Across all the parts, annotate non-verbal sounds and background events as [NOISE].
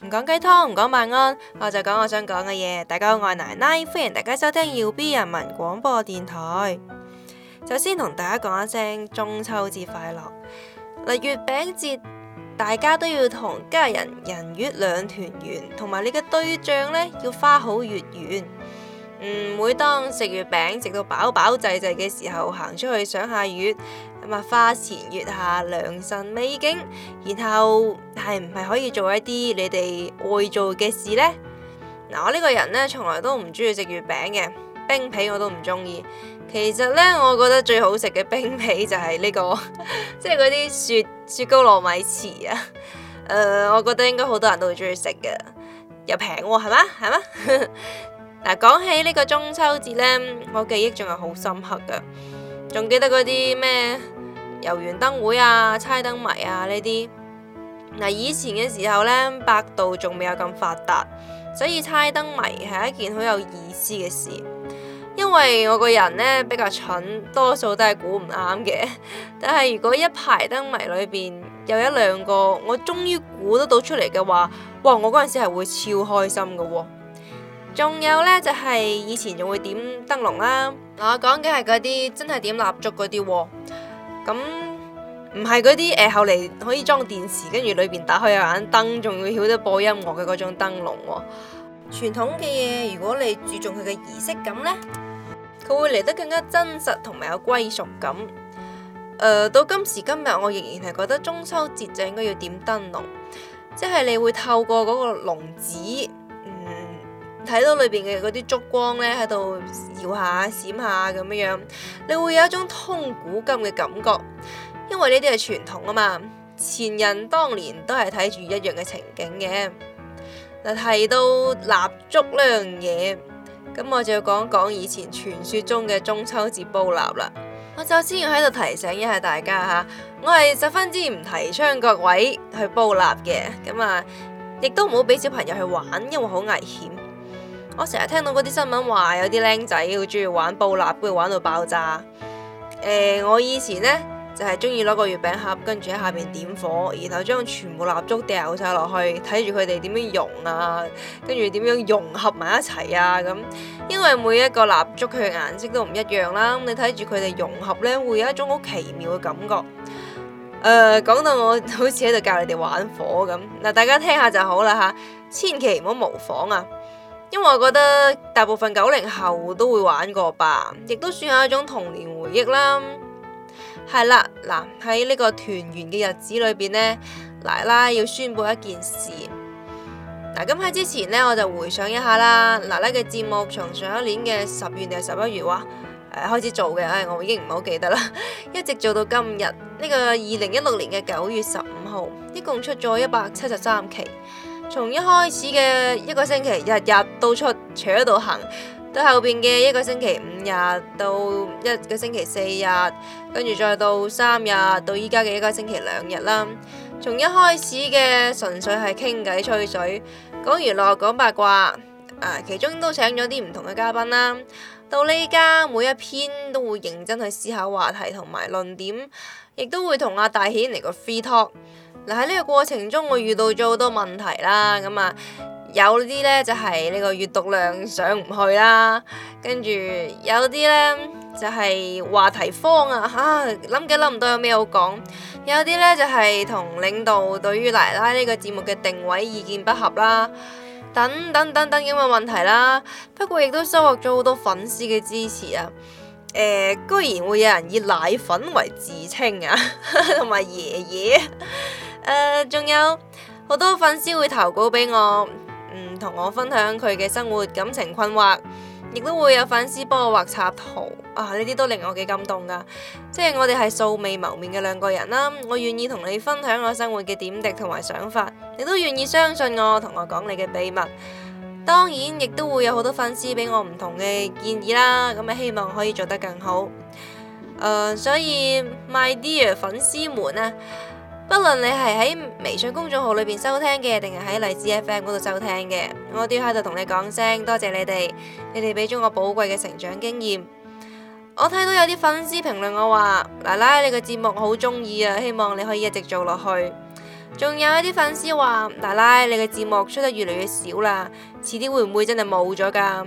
唔講雞湯，唔講晚安，我就講我想講嘅嘢。大家好，我係奶奶，歡迎大家收聽耀 B 人民廣播電台。首先同大家講一聲中秋節快樂。嗱，月餅節，大家都要同家人人月兩團圓，同埋你嘅對象呢要花好月圓。嗯，每當食月餅食到飽飽滯滯嘅時候，行出去賞下月。咁啊，花前月下良辰美景，然後係唔係可以做一啲你哋愛做嘅事呢？嗱、嗯，我呢個人呢，從來都唔中意食月餅嘅冰皮，我都唔中意。其實呢，我覺得最好食嘅冰皮就係呢、這個，即係嗰啲雪雪糕糯米糍啊。誒、呃，我覺得應該好多人都會中意食嘅，又平喎、哦，係嘛，係嘛。嗱、 [LAUGHS] 嗯，講起呢個中秋節呢，我記憶仲係好深刻噶，仲記得嗰啲咩？遊園燈會啊，猜燈謎啊，呢啲嗱，以前嘅時候呢，百度仲未有咁發達，所以猜燈謎係一件好有意思嘅事。因為我個人呢，比較蠢，多數都係估唔啱嘅。但係如果一排燈謎裏邊有一兩個我終於估得到出嚟嘅話，哇！我嗰陣時係會超開心嘅喎、哦。仲有呢，就係、是、以前仲會點燈籠啦。我講嘅係嗰啲真係點蠟燭嗰啲喎。咁唔係嗰啲誒，後嚟可以裝電池，跟住裏邊打開有盞燈，仲要曉得播音樂嘅嗰種燈籠喎。傳統嘅嘢，如果你注重佢嘅儀式感呢，佢會嚟得更加真實同埋有歸屬感、呃。到今時今日，我仍然係覺得中秋節就應該要點燈籠，即係你會透過嗰個籠紙。睇到裏邊嘅嗰啲燭光呢，喺度搖下閃下咁樣樣，你會有一種通古今嘅感覺，因為呢啲係傳統啊嘛，前人當年都係睇住一樣嘅情景嘅嗱。提到蠟燭呢樣嘢，咁我就要講講以前傳說中嘅中秋節煲蠟啦。我就先要喺度提醒一下大家吓，我係十分之唔提倡各位去煲蠟嘅，咁啊，亦都唔好俾小朋友去玩，因為好危險。我成日聽到嗰啲新聞話有啲僆仔好中意玩煲蠟，跟住玩到爆炸。誒、呃，我以前呢，就係中意攞個月餅盒，跟住喺下面點火，然後將全部蠟燭掉晒落去，睇住佢哋點樣融啊，跟住點樣融合埋一齊啊咁。因為每一個蠟燭佢嘅顏色都唔一樣啦，你睇住佢哋融合呢，會有一種好奇妙嘅感覺。誒、呃，講到我好似喺度教你哋玩火咁，嗱，大家聽下就好啦嚇，千祈唔好模仿啊！因為我覺得大部分九零後都會玩過吧，亦都算係一種童年回憶啦。係啦，嗱喺呢個團圓嘅日子裏邊呢，奶奶要宣布一件事。嗱，咁喺之前呢，我就回想一下啦。奶奶嘅節目從上一年嘅十月定係十一月，話誒、呃、開始做嘅，唉，我已經唔好記得啦。 [LAUGHS] 一直做到今日呢、這個二零一六年嘅九月十五號，一共出咗一百七十三期。從一開始嘅一個星期日日都出除咗度行，到後邊嘅一個星期五日到一個星期四日，跟住再到三日到依家嘅一個星期兩日啦。從一開始嘅純粹係傾偈吹水，講娛樂講八卦，誒、啊，其中都請咗啲唔同嘅嘉賓啦。到呢家每一篇都會認真去思考話題同埋論點，亦都會同阿大顯嚟個 free talk。嗱，喺呢個過程中，我遇到咗好多問題啦。咁啊，有啲呢就係呢個閱讀量上唔去啦，跟住有啲呢就係話題荒啊，嚇諗幾諗唔到有咩好講。有啲呢就係同領導對於奶奶呢個節目嘅定位意見不合啦，等等等等咁嘅問題啦。不過亦都收穫咗好多粉絲嘅支持啊、呃。居然會有人以奶粉為自稱啊，同 [LAUGHS] 埋爺爺。誒，仲、uh, 有好多粉絲會投稿俾我，嗯，同我分享佢嘅生活、感情困惑，亦都會有粉絲幫我畫插圖，啊，呢啲都令我幾感動噶。即係我哋係素未謀面嘅兩個人啦，我願意同你分享我生活嘅點滴同埋想法，你都願意相信我，同我講你嘅秘密。當然，亦都會有好多粉絲俾我唔同嘅建議啦，咁咪希望可以做得更好。Uh, 所以 my dear 粉絲們咧～不論你係喺微信公眾號裏邊收聽嘅，定係喺荔枝 FM 嗰度收聽嘅，我都要喺度同你講聲，多謝你哋，你哋俾咗我寶貴嘅成長經驗。我睇到有啲粉絲評論我話：奶奶你嘅節目好中意啊，希望你可以一直做落去。仲有一啲粉絲話：奶奶你嘅節目出得越嚟越少啦，遲啲會唔會真係冇咗噶？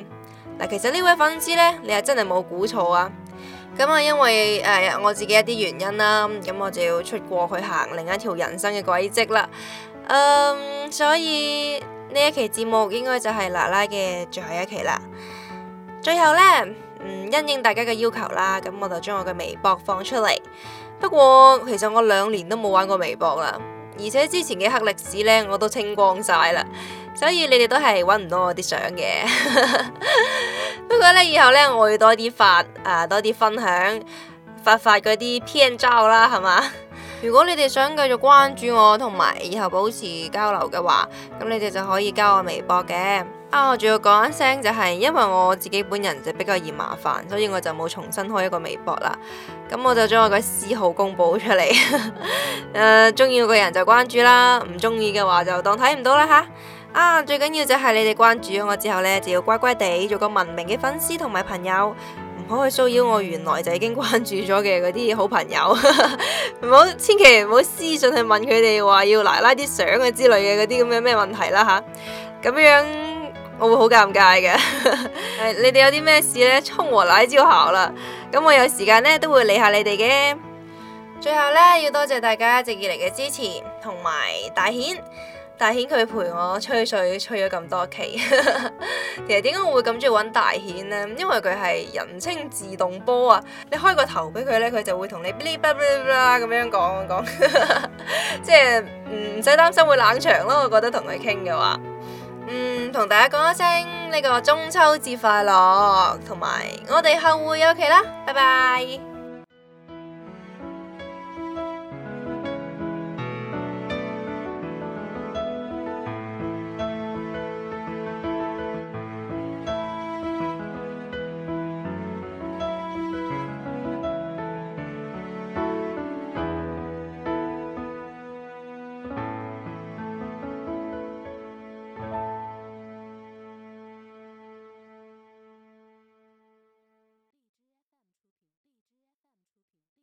嗱，其實呢位粉絲呢，你係真係冇估錯啊！咁啊、嗯，因為誒、呃、我自己一啲原因啦，咁、嗯、我就要出國去行另一條人生嘅軌跡啦。嗯，所以呢一期節目應該就係奶奶嘅最後一期啦。最後呢，嗯，因應大家嘅要求啦，咁我就將我嘅微博放出嚟。不過其實我兩年都冇玩過微博啦，而且之前嘅黑歷史呢，我都清光晒啦，所以你哋都係搵唔到我啲相嘅。 [LAUGHS] 不過咧，以後咧，我要多啲發，誒、呃，多啲分享，發發嗰啲 P a n 啦，係嘛？ [LAUGHS] 如果你哋想繼續關注我，同埋以後保持交流嘅話，咁你哋就可以加我微博嘅。啊，我仲要講一聲、就是，就係因為我自己本人就比較嫌麻煩，所以我就冇重新開一個微博啦。咁我就將我嘅私號公布出嚟，誒、 [LAUGHS] 呃，中意嘅人就關注啦，唔中意嘅話就當睇唔到啦吓。啊，最緊要就係你哋關注咗我之後呢，就要乖乖地做個文明嘅粉絲同埋朋友，唔好去騷擾我原來就已經關注咗嘅嗰啲好朋友，唔 [LAUGHS] 好千祈唔好私信去問佢哋話要奶奶啲相啊之類嘅嗰啲咁嘅咩問題啦吓，咁、啊、樣我會好尷尬嘅。 [LAUGHS] [LAUGHS] 你哋有啲咩事呢？沖和奶招喉啦，咁我有時間呢，都會理下你哋嘅。最後呢，要多謝大家一直以嚟嘅支持同埋大顯。大顯佢陪我吹水吹咗咁多期， [LAUGHS] 其實點解我會咁中意揾大顯呢？因為佢係人稱自動波啊！你開個頭俾佢呢，佢就會同你嗶哩嗶哩咁樣講講，即係唔使擔心會冷場咯。我覺得同佢傾嘅話，嗯，同大家講一聲呢個中秋節快樂，同埋我哋後會有期啦，拜拜。